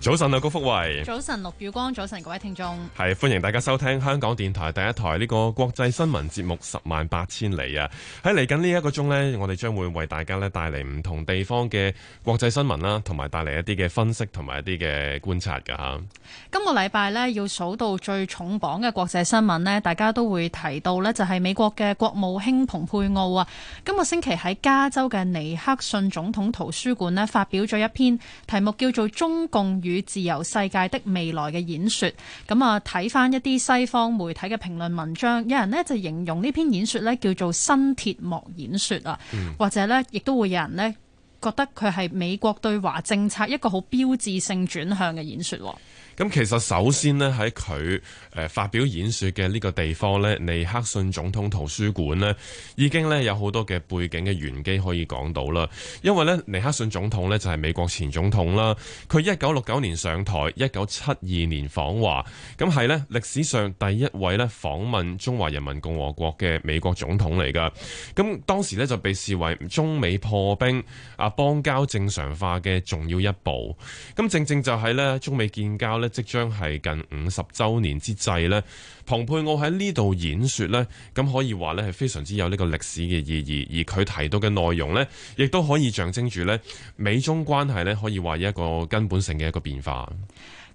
早晨啊，高福慧。早晨，陸宇光。早晨，各位聽眾，係歡迎大家收聽香港電台第一台呢個國際新聞節目《十萬八千里》啊！喺嚟緊呢一個鐘咧，我哋將會為大家咧帶嚟唔同地方嘅國際新聞啦，同埋帶嚟一啲嘅分析同埋一啲嘅觀察噶吓。今個禮拜咧，要數到最重磅嘅國際新聞咧，大家都會提到咧，就係美國嘅國務卿蓬佩奧啊，今個星期喺加州嘅尼克遜總統圖書館咧發表咗一篇題目叫做《中共》與自由世界的未來嘅演說，咁啊睇翻一啲西方媒體嘅評論文章，有人呢就形容呢篇演說呢叫做新鐵幕演說啊，嗯、或者呢亦都會有人呢。覺得佢係美國對華政策一個好標誌性轉向嘅演說。咁其實首先呢，喺佢誒發表演說嘅呢個地方呢，尼克遜總統圖書館呢，已經呢有好多嘅背景嘅玄機可以講到啦。因為呢尼克遜總統呢就係美國前總統啦，佢一九六九年上台，一九七二年訪華，咁係呢歷史上第一位呢訪問中華人民共和國嘅美國總統嚟㗎。咁當時呢就被視為中美破冰啊。邦交正常化嘅重要一步，咁正正就係咧中美建交咧即將係近五十周年之際咧，蓬佩奧喺呢度演説咧，咁可以話咧係非常之有呢個歷史嘅意義，而佢提到嘅內容呢，亦都可以象徵住咧美中關係咧可以話一個根本性嘅一個變化。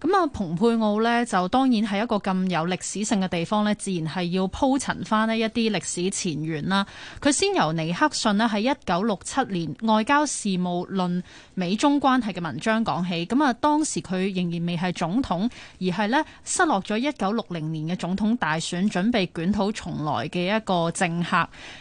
咁啊，蓬佩奧咧就當然係一個咁有歷史性嘅地方咧，自然係要鋪陳翻呢一啲歷史前緣啦。佢先由尼克遜咧喺一九六七年外交事務論美中關係嘅文章講起。咁啊，當時佢仍然未係總統，而係咧失落咗一九六零年嘅總統大選，準備捲土重來嘅一個政客。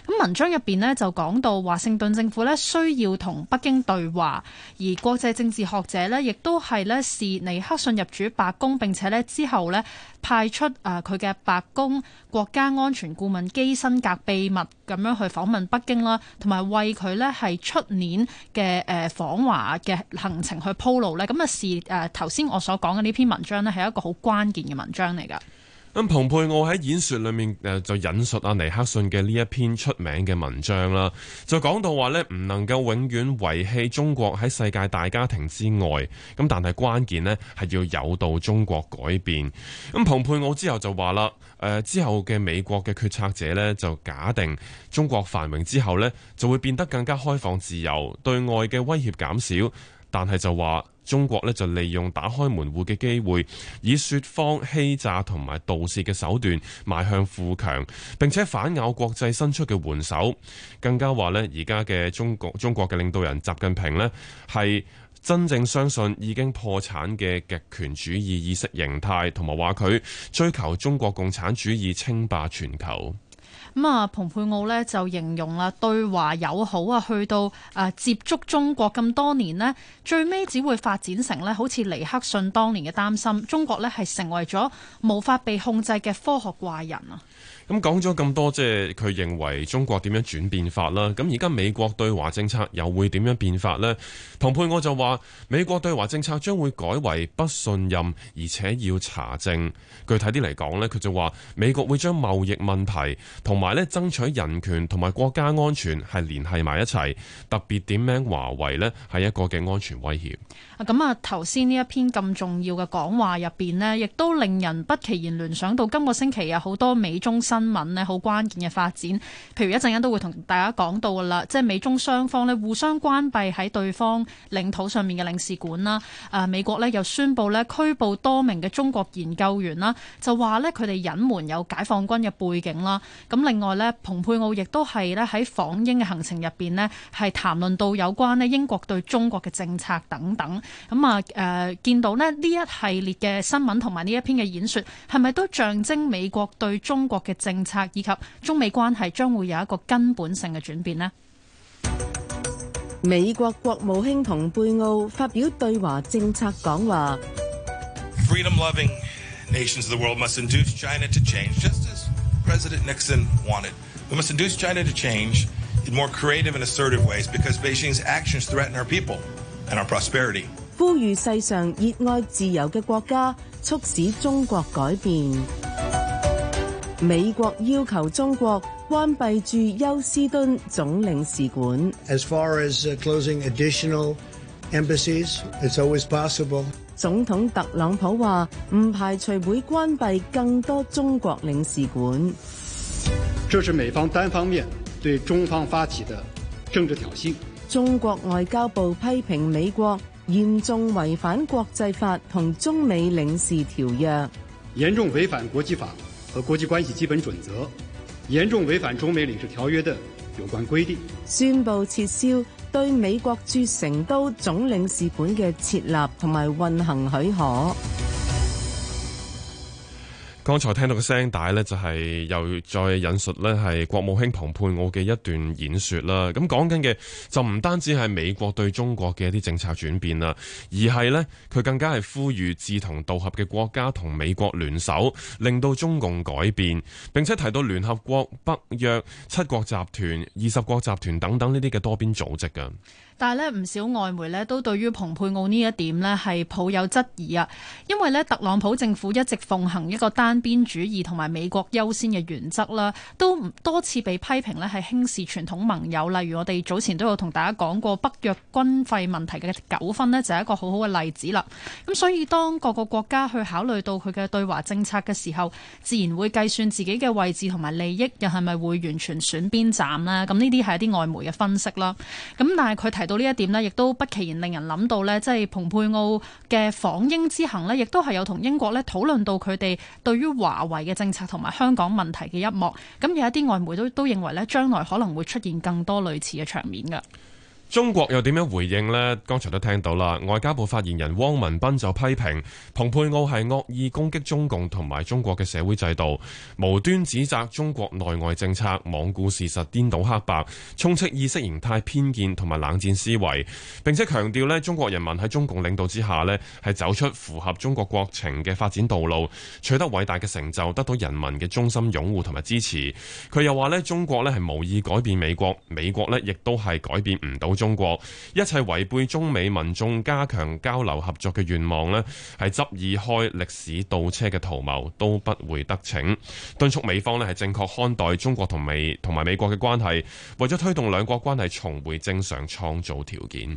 咁文章入邊咧就講到華盛頓政府咧需要同北京對話，而國際政治學者咧亦都係咧視尼克遜入。主白宮，並且咧之後咧派出啊佢嘅白宮國家安全顧問基辛格秘密咁樣去訪問北京啦，同埋為佢咧係出年嘅誒訪華嘅行程去鋪路咧。咁啊是誒頭先我所講嘅呢篇文章咧係一個好關鍵嘅文章嚟㗎。咁蓬佩奧喺演說裏面誒就引述阿尼克遜嘅呢一篇出名嘅文章啦，就講到話呢唔能夠永遠遺棄中國喺世界大家庭之外，咁但係關鍵呢係要誘導中國改變。咁蓬佩奧之後就話啦，誒、呃、之後嘅美國嘅決策者呢，就假定中國繁榮之後呢就會變得更加開放自由，對外嘅威脅減少。但係就話中國呢，就利用打開門戶嘅機會，以説謊、欺詐同埋盜竊嘅手段邁向富強。並且反咬國際伸出嘅援手，更加話呢，而家嘅中國中國嘅領導人習近平呢，係真正相信已經破產嘅極權主義意識形態，同埋話佢追求中國共產主義稱霸全球。咁啊，蓬佩奧咧就形容啦，對華友好啊，去到誒接觸中國咁多年咧，最尾只會發展成咧，好似尼克遜當年嘅擔心，中國咧係成為咗無法被控制嘅科學怪人啊！咁講咗咁多，即係佢認為中國點樣轉變法啦。咁而家美國對華政策又會點樣變法呢？蓬佩奧就話美國對華政策將會改為不信任，而且要查證。具體啲嚟講呢，佢就話美國會將貿易問題同埋咧爭取人權同埋國家安全係聯繫埋一齊。特別點名華為呢，係一個嘅安全威脅。咁啊，頭先呢一篇咁重要嘅講話入邊呢，亦都令人不期然聯想到今個星期有好多美中。新聞咧好關鍵嘅發展，譬如一陣間都會同大家講到噶啦，即係美中雙方咧互相關閉喺對方領土上面嘅領事館啦。誒、啊，美國咧又宣布咧拘捕多名嘅中國研究員啦，就話咧佢哋隱瞞有解放軍嘅背景啦。咁、啊、另外咧，蓬佩奧亦都係咧喺訪英嘅行程入邊咧係談論到有關咧英國對中國嘅政策等等。咁啊誒、啊，見到咧呢一系列嘅新聞同埋呢一篇嘅演說，係咪都象徵美國對中國嘅政策，以及中美關係將會有一個根本性嘅轉變呢？美國國務卿蓬佩奧發表對華政策講話。Freedom-loving nations of the world must induce China to change, just as President Nixon wanted. We must induce China to change in more creative and assertive ways, because Beijing's actions threaten our people and our prosperity. 呼籲世上熱愛自由嘅國家，促使中國改變。美國要求中國關閉駐休斯敦總領事館。As far as closing additional embassies, it's always possible。總統特朗普話唔排除會關閉更多中國領事館。這是美方單方面對中方發起的政治挑釁。中國外交部批評美國嚴重違反國際法同中美領事條約，嚴重違反國際法，和國際關係基本準則，嚴重違反中美領事條約的有關規定，宣布撤銷對美國駐成都總領事館嘅設立同埋運行許可。剛才聽到個聲帶呢就係又再引述呢係國務卿蓬佩奧嘅一段演說啦。咁講緊嘅就唔單止係美國對中國嘅一啲政策轉變啦，而係呢，佢更加係呼籲志同道合嘅國家同美國聯手，令到中共改變，並且提到聯合國、北約、七國集團、二十國集團等等呢啲嘅多邊組織嘅。但係咧，唔少外媒咧都對於蓬佩奧呢一點咧係抱有質疑啊，因為咧特朗普政府一直奉行一個單邊主義同埋美國優先嘅原則啦，都多次被批評咧係輕視傳統盟友。例如我哋早前都有同大家講過北約軍費問題嘅糾紛呢，就係一個好好嘅例子啦。咁所以當各個國家去考慮到佢嘅對華政策嘅時候，自然會計算自己嘅位置同埋利益，又係咪會完全選邊站咧？咁呢啲係一啲外媒嘅分析啦。咁但係佢睇。提到呢一點呢，亦都不期然令人諗到呢，即係蓬佩奧嘅訪英之行呢，亦都係有同英國呢討論到佢哋對於華為嘅政策同埋香港問題嘅一幕。咁有一啲外媒都都認為呢，將來可能會出現更多類似嘅場面嘅。中國又點樣回應呢？剛才都聽到啦，外交部發言人汪文斌就批評蓬佩奧係惡意攻擊中共同埋中國嘅社會制度，無端指責中國內外政策，罔顧事實，顛倒黑白，充斥意識形態偏見同埋冷戰思維，並且強調呢中國人民喺中共領導之下呢係走出符合中國國情嘅發展道路，取得偉大嘅成就，得到人民嘅衷心擁護同埋支持。佢又話呢中國呢係無意改變美國，美國呢亦都係改變唔到。中國一切違背中美民眾加強交流合作嘅願望咧，係執意開歷史倒車嘅圖謀都不會得逞。敦促美方咧係正確看待中國同美同埋美國嘅關係，為咗推動兩國關係重回正常，創造條件。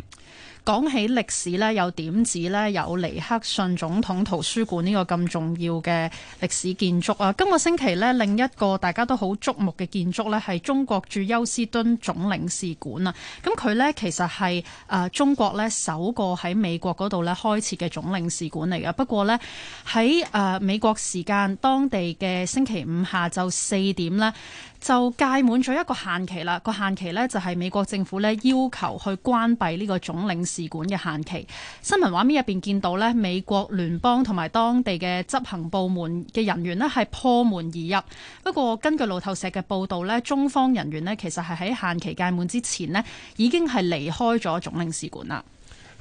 講起歷史咧，又點指點止咧有尼克遜總統圖書館呢個咁重要嘅歷史建築啊！今個星期呢，另一個大家都好矚目嘅建築呢，係中國駐休斯敦總領事館啊！咁佢呢，其實係誒中國呢首個喺美國嗰度呢開設嘅總領事館嚟嘅。不過呢，喺誒美國時間當地嘅星期五下晝四點呢。就屆滿咗一個限期啦，個限期呢，就係美國政府呢要求去關閉呢個總領事館嘅限期。新聞畫面入邊見到呢，美國聯邦同埋當地嘅執行部門嘅人員呢係破門而入。不過根據路透社嘅報導呢，中方人員呢其實係喺限期屆滿之前呢已經係離開咗總領事館啦。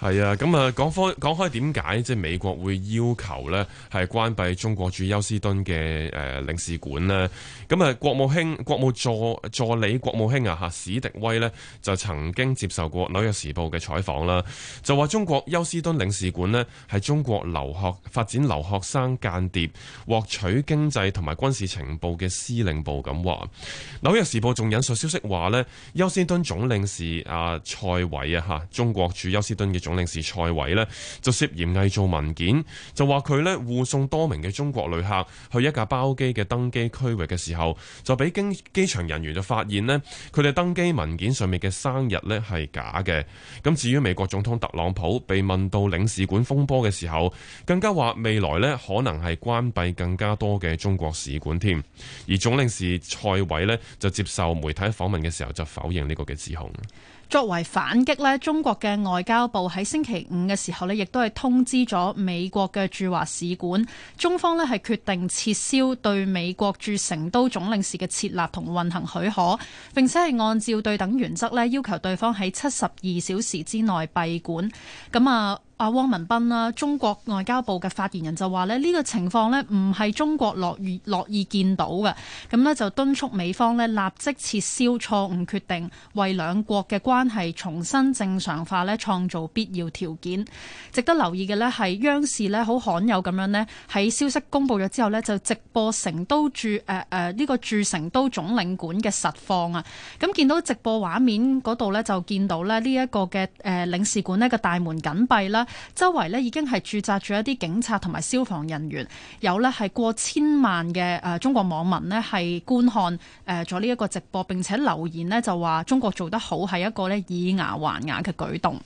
係啊，咁啊，講開講開，點解即係美國會要求呢係關閉中國駐休斯敦嘅誒領事館呢。咁啊，國務卿、國務助助理國務卿啊，哈史迪威呢就曾經接受過紐約時報嘅採訪啦，就話中國休斯敦領事館呢係中國留學發展留學生間諜獲取經濟同埋軍事情報嘅司令部咁。紐約時報仲引述消息話呢，休斯敦總領事啊，蔡偉啊，哈，中國駐休斯敦嘅總總領事蔡偉咧，就涉嫌偽造文件，就話佢咧護送多名嘅中國旅客去一架包機嘅登機區域嘅時候，就俾經機場人員就發現咧，佢哋登機文件上面嘅生日咧係假嘅。咁至於美國總統特朗普被問到領事館風波嘅時候，更加話未來咧可能係關閉更加多嘅中國使館添。而總領事蔡偉咧就接受媒體訪問嘅時候就否認呢個嘅指控。作為反擊呢，中國嘅外交部喺星期五嘅時候呢，亦都係通知咗美國嘅駐華使館，中方呢係決定撤銷對美國駐成都總領事嘅設立同運行許可，並且係按照對等原則呢，要求對方喺七十二小時之內閉館。咁啊。啊，汪文斌啦，中國外交部嘅發言人就話咧，呢個情況咧唔係中國樂意樂意見到嘅。咁咧就敦促美方咧立即撤銷錯誤決定，為兩國嘅關係重新正常化咧創造必要條件。值得留意嘅咧係央視咧好罕有咁樣咧喺消息公布咗之後咧就直播成都駐誒誒呢個駐成都總領館嘅實況啊。咁見到直播畫面嗰度咧就見到咧呢一個嘅誒領事館咧個大門緊閉啦。周圍咧已經係駐紮住一啲警察同埋消防人員，有咧係過千萬嘅誒中國網民咧係觀看誒咗呢一個直播，並且留言咧就話中國做得好係一個咧以牙還牙嘅舉動。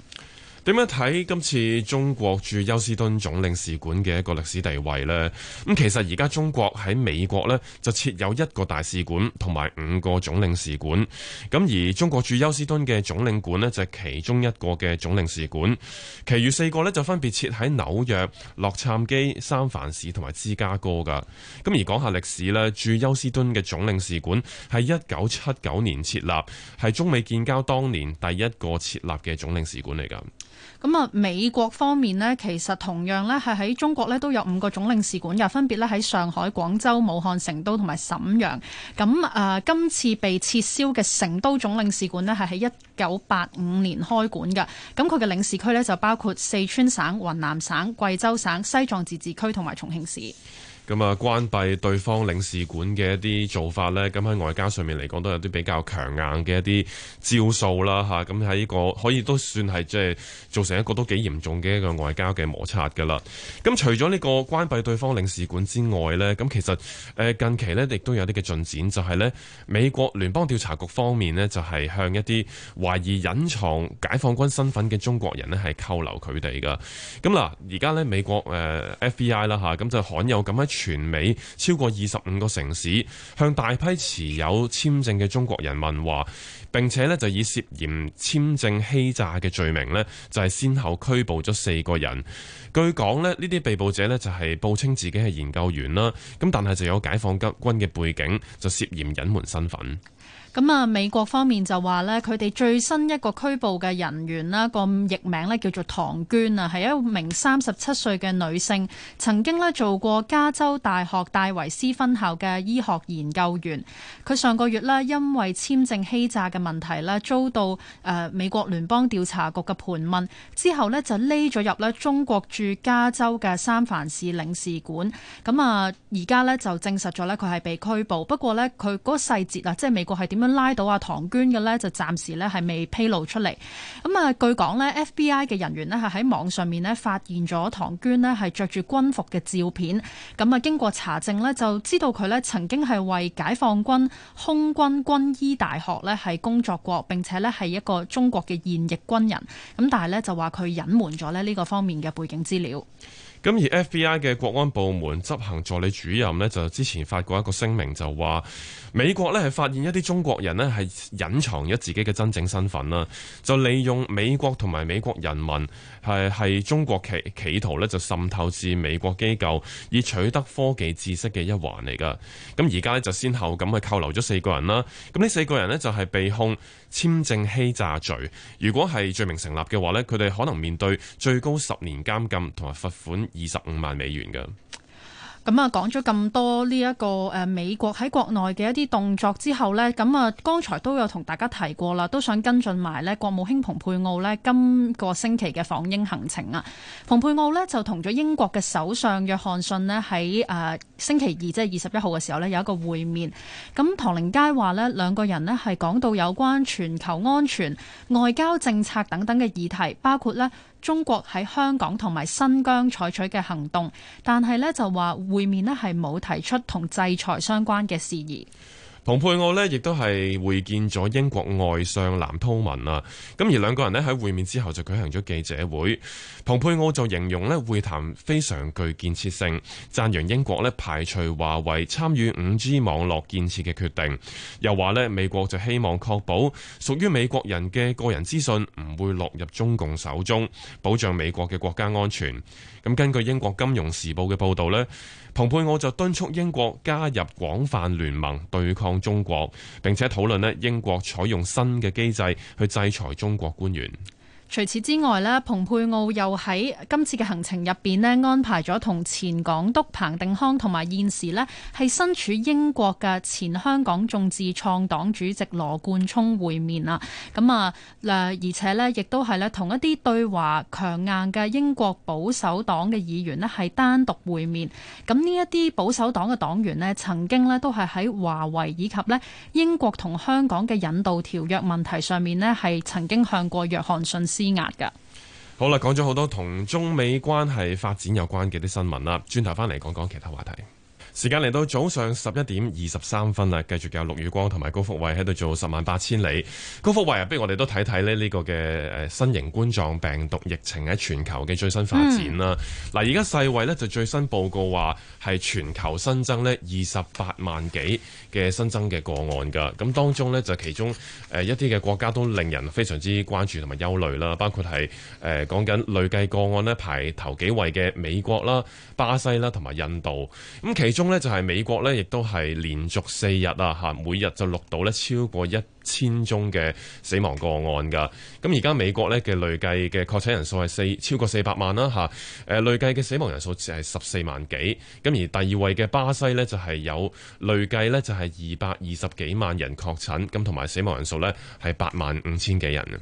點樣睇，今次中國駐休斯敦總領事館嘅一個歷史地位呢？咁其實而家中國喺美國呢，就設有一個大使館同埋五個總領事館。咁而中國駐休斯敦嘅總領館呢，就係其中一個嘅總領事館，其餘四個呢，就分別設喺紐約、洛杉磯、三藩市同埋芝加哥㗎。咁而講下歷史呢，駐休斯敦嘅總領事館係一九七九年設立，係中美建交當年第一個設立嘅總領事館嚟㗎。咁啊，美國方面呢，其實同樣咧，係喺中國咧都有五個總領事館嘅，分別咧喺上海、廣州、武漢、成都同埋沈陽。咁、呃、啊，今次被撤銷嘅成都總領事館咧，係喺一九八五年開館嘅。咁佢嘅領事區咧就包括四川省、雲南省、貴州省、西藏自治區同埋重慶市。咁啊，關閉對方領事館嘅一啲做法咧，咁喺外交上面嚟講都有啲比較強硬嘅一啲招數啦，吓，咁喺呢個可以都算係即係造成一個都幾嚴重嘅一個外交嘅摩擦噶啦。咁除咗呢個關閉對方領事館之外咧，咁其實誒近期咧，亦都有啲嘅進展，就係咧美國聯邦調查局方面咧，就係向一啲懷疑隱藏解放軍身份嘅中國人咧，係扣留佢哋噶。咁嗱，而家咧美國誒 FBI 啦吓，咁就罕有咁樣。全美超過二十五個城市向大批持有簽證嘅中國人問話，並且咧就以涉嫌簽證欺詐嘅罪名咧，就係先後拘捕咗四個人。據講咧，呢啲被捕者咧就係報稱自己係研究員啦，咁但係就有解放軍嘅背景，就涉嫌隱瞞身份。咁啊，美國方面就話咧，佢哋最新一個拘捕嘅人員啦，個譯名咧叫做唐娟啊，係一名三十七歲嘅女性，曾經咧做過加州大學戴維斯分校嘅醫學研究員，佢上個月咧因為簽證欺詐嘅問題咧，遭到誒美國聯邦調查局嘅盤問之後咧就匿咗入咧中國駐加州嘅三藩市領事館，咁啊，而家咧就證實咗咧佢係被拘捕，不過咧佢嗰個細節啊，即係美國係點樣。拉到阿唐娟嘅呢，就暫時呢係未披露出嚟。咁啊，據講呢，FBI 嘅人員呢係喺網上面呢發現咗唐娟呢係着住軍服嘅照片。咁啊，經過查證呢就知道佢呢曾經係為解放軍空軍軍醫大學呢係工作過，並且呢係一個中國嘅現役軍人。咁但係呢就話佢隱瞞咗呢呢個方面嘅背景資料。咁而 FBI 嘅國安部門執行助理主任呢，就之前發過一個聲明就就話美國呢，係發現一啲中國人呢，係隱藏咗自己嘅真正身份啦，就利用美國同埋美國人民係，係中國企企圖呢就滲透至美國機構，以取得科技知識嘅一環嚟㗎。咁而家呢，就先後咁去扣留咗四個人啦。咁呢四個人呢，就係、是、被控簽證欺詐罪。如果係罪名成立嘅話呢，佢哋可能面對最高十年監禁同埋罰款二十五萬美元嘅。咁啊，講咗咁多呢一個誒，美國喺國內嘅一啲動作之後呢，咁啊，剛才都有同大家提過啦，都想跟進埋呢國務卿蓬佩奧呢今個星期嘅訪英行程啊。蓬佩奧呢，就同咗英國嘅首相約翰遜呢，喺誒星期二，即係二十一號嘅時候呢，有一個會面。咁唐寧佳話呢，兩個人呢，係講到有關全球安全、外交政策等等嘅議題，包括呢。中國喺香港同埋新疆採取嘅行動，但係咧就話會面咧係冇提出同制裁相關嘅事宜。蓬佩奧呢亦都係會見咗英國外相藍韜文啊。咁而兩個人呢喺會面之後就舉行咗記者會，蓬佩奧就形容呢會談非常具建設性，讚揚英國呢排除華為參與五 G 網絡建設嘅決定。又話呢美國就希望確保屬於美國人嘅個人資訊唔會落入中共手中，保障美國嘅國家安全。咁根據英國金融時報嘅報道呢，蓬佩奧就敦促英國加入廣泛聯盟對抗。中國，並且討論呢，英國採用新嘅機制去制裁中國官員。除此之外咧，蓬佩奧又喺今次嘅行程入邊，咧，安排咗同前港督彭定康同埋現時咧係身處英國嘅前香港眾志創黨主席羅冠聰會面啊，咁啊，誒而且咧，亦都係咧同一啲對華強硬嘅英國保守黨嘅議員咧，係單獨會面。咁呢一啲保守黨嘅黨員咧，曾經咧都係喺華為以及咧英國同香港嘅引渡條約問題上面咧，係曾經向過約翰遜。施壓嘅。好啦，講咗好多同中美關係發展有關嘅啲新聞啦，轉頭翻嚟講講其他話題。時間嚟到早上十一點二十三分啦，繼續有陸宇光同埋高福慧喺度做十萬八千里。高福慧啊，不如我哋都睇睇呢呢個嘅誒新型冠狀病毒疫情喺全球嘅最新發展啦。嗱、嗯，而家世衛呢就最新報告話係全球新增呢二十八萬幾嘅新增嘅個案噶。咁當中呢，就其中誒一啲嘅國家都令人非常之關注同埋憂慮啦，包括係誒講緊累計個案呢排頭幾位嘅美國啦、巴西啦同埋印度。咁其中咧就係美國咧，亦都係連續四日啊，吓每日就錄到咧超過一千宗嘅死亡個案噶，咁而家美國咧嘅累計嘅確診人數係四超過四百萬啦吓，誒累計嘅死亡人數就係十四萬幾。咁而第二位嘅巴西咧就係有累計咧就係二百二十幾萬人確診，咁同埋死亡人數咧係八萬五千幾人啊。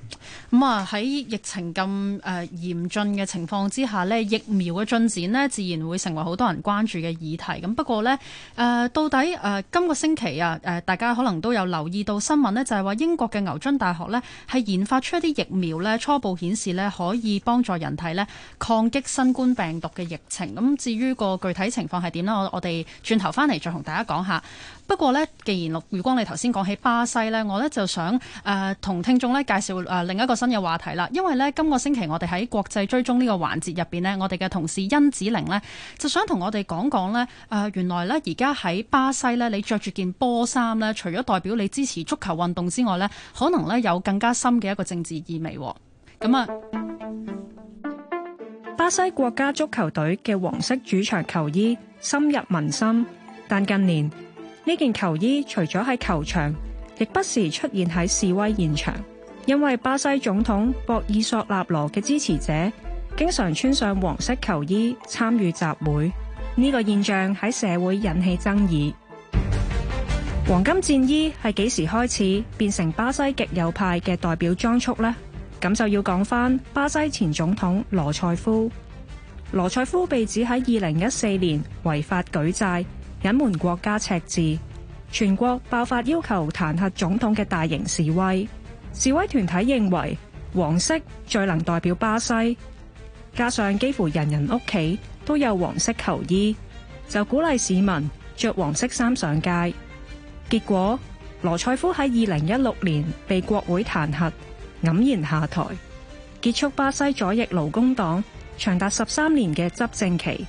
咁啊喺疫情咁誒嚴峻嘅情況之下咧，疫苗嘅進展咧自然會成為好多人關注嘅議題。咁不過咧誒、呃、到底誒、呃、今個星期啊誒、呃、大家可能都有留意到新聞咧就是。就係話英國嘅牛津大學咧，係研發出一啲疫苗咧，初步顯示咧可以幫助人體咧抗擊新冠病毒嘅疫情。咁至於個具體情況係點呢？我我哋轉頭翻嚟再同大家講下。不過咧，既然如光，你頭先講起巴西咧，我咧就想誒同、呃、聽眾咧介紹誒、呃、另一個新嘅話題啦。因為咧，今、這個星期我哋喺國際追蹤呢個環節入邊呢，我哋嘅同事甄梓鈴呢就想同我哋講講咧誒，原來咧而家喺巴西咧，你着住件波衫咧，除咗代表你支持足球運動之外咧，可能咧有更加深嘅一個政治意味咁、哦、啊。巴西國家足球隊嘅黃色主場球衣深入民心，但近年呢件球衣除咗喺球場，亦不時出現喺示威現場，因為巴西總統博爾索納羅嘅支持者經常穿上黃色球衣參與集會。呢個現象喺社會引起爭議。黃金戰衣係幾時開始變成巴西極右派嘅代表裝束咧？咁就要講翻巴西前總統羅塞夫。羅塞夫被指喺二零一四年違法舉債，隱瞞國家赤字，全國爆發要求彈劾總統嘅大型示威。示威團體認為黃色最能代表巴西，加上幾乎人人屋企都有黃色球衣，就鼓勵市民着黃色衫上街。結果羅塞夫喺二零一六年被國會彈劾，黯然下台，結束巴西左翼勞工黨長達十三年嘅執政期。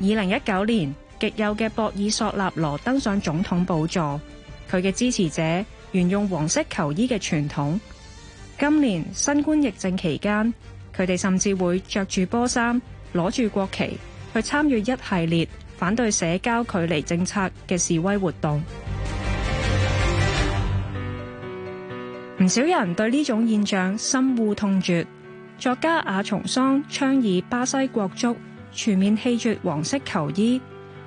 二零一九年，極右嘅博爾索納羅登上總統寶座，佢嘅支持者沿用黃色球衣嘅傳統。今年新冠疫症期間，佢哋甚至會着住波衫，攞住國旗去參與一系列反對社交距離政策嘅示威活動。唔 少人對呢種現象深惡痛絕。作家亞松桑倡議巴西國足全面棄絕黃色球衣。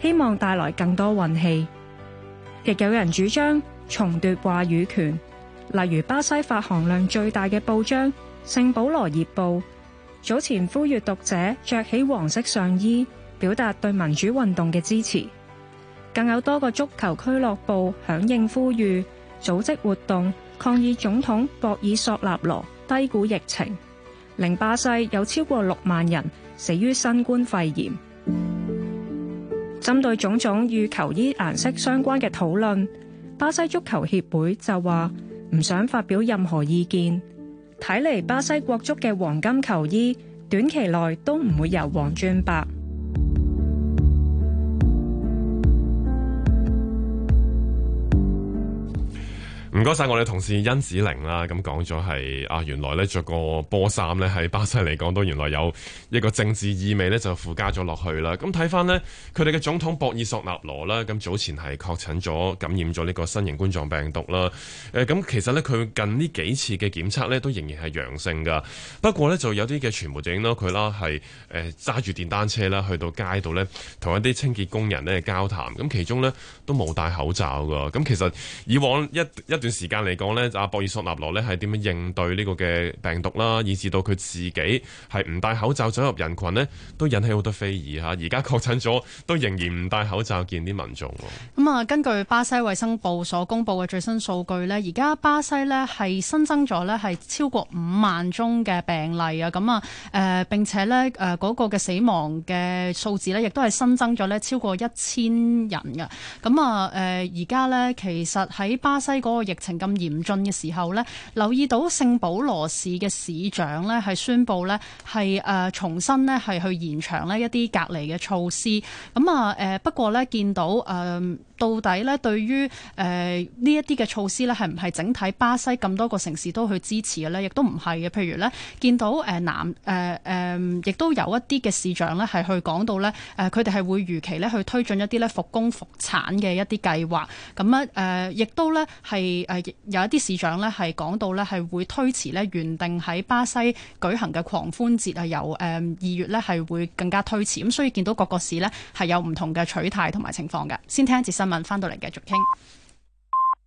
希望帶來更多運氣，亦有人主張重奪話語權，例如巴西發行量最大嘅報章《聖保羅頁報》早前呼籲讀者着起黃色上衣，表達對民主運動嘅支持。更有多個足球俱樂部響應呼籲，組織活動抗議總統博爾索納羅低估疫情，令巴西有超過六萬人死於新冠肺炎。針對種種與球衣顏色相關嘅討論，巴西足球協會就話唔想發表任何意見。睇嚟巴西國足嘅黃金球衣短期內都唔會由黃轉白。唔該晒，謝謝我哋同事甄梓鈴啦，咁講咗係啊，原來咧着個波衫咧，喺巴西嚟講都原來有一個政治意味咧，就附加咗落去啦。咁睇翻呢，佢哋嘅總統博爾索納羅啦，咁早前係確診咗感染咗呢個新型冠狀病毒啦。誒，咁其實咧佢近呢幾次嘅檢測咧都仍然係陽性噶。不過咧就有啲嘅傳媒影到佢啦，係誒揸住電單車啦，去到街度咧同一啲清潔工人咧交談。咁其中咧都冇戴口罩噶。咁其實以往一一。一段時間嚟講呢，阿博爾索納羅呢係點樣應對呢個嘅病毒啦，以至到佢自己係唔戴口罩走入人群呢，都引起好多非議吓。而家確診咗都仍然唔戴口罩見啲民眾。咁啊，根據巴西衛生部所公布嘅最新數據呢，而家巴西呢係新增咗呢係超過五萬宗嘅病例啊。咁啊，誒，並且呢誒嗰個嘅死亡嘅數字呢，亦都係新增咗呢超過一千人嘅。咁啊，誒而家呢其實喺巴西嗰個。疫情咁嚴峻嘅時候呢，留意到聖保羅市嘅市長呢係宣布呢係誒、呃、重新呢係去延長呢一啲隔離嘅措施。咁啊誒，不過呢見到誒。呃到底咧對於誒呢一啲嘅措施咧，係唔係整體巴西咁多個城市都去支持嘅咧？亦都唔係嘅。譬如咧，見到誒南誒誒，亦、呃呃呃、都有一啲嘅市長咧，係去講到咧，誒佢哋係會如期咧去推進一啲咧復工復產嘅一啲計劃。咁啊誒，亦、呃、都咧係誒有一啲市長咧係講到咧係會推遲咧原定喺巴西舉行嘅狂歡節啊，由誒、呃、二月咧係會更加推遲。咁所以見到各個市咧係有唔同嘅取態同埋情況嘅。先聽一節。問翻到嚟，繼續傾。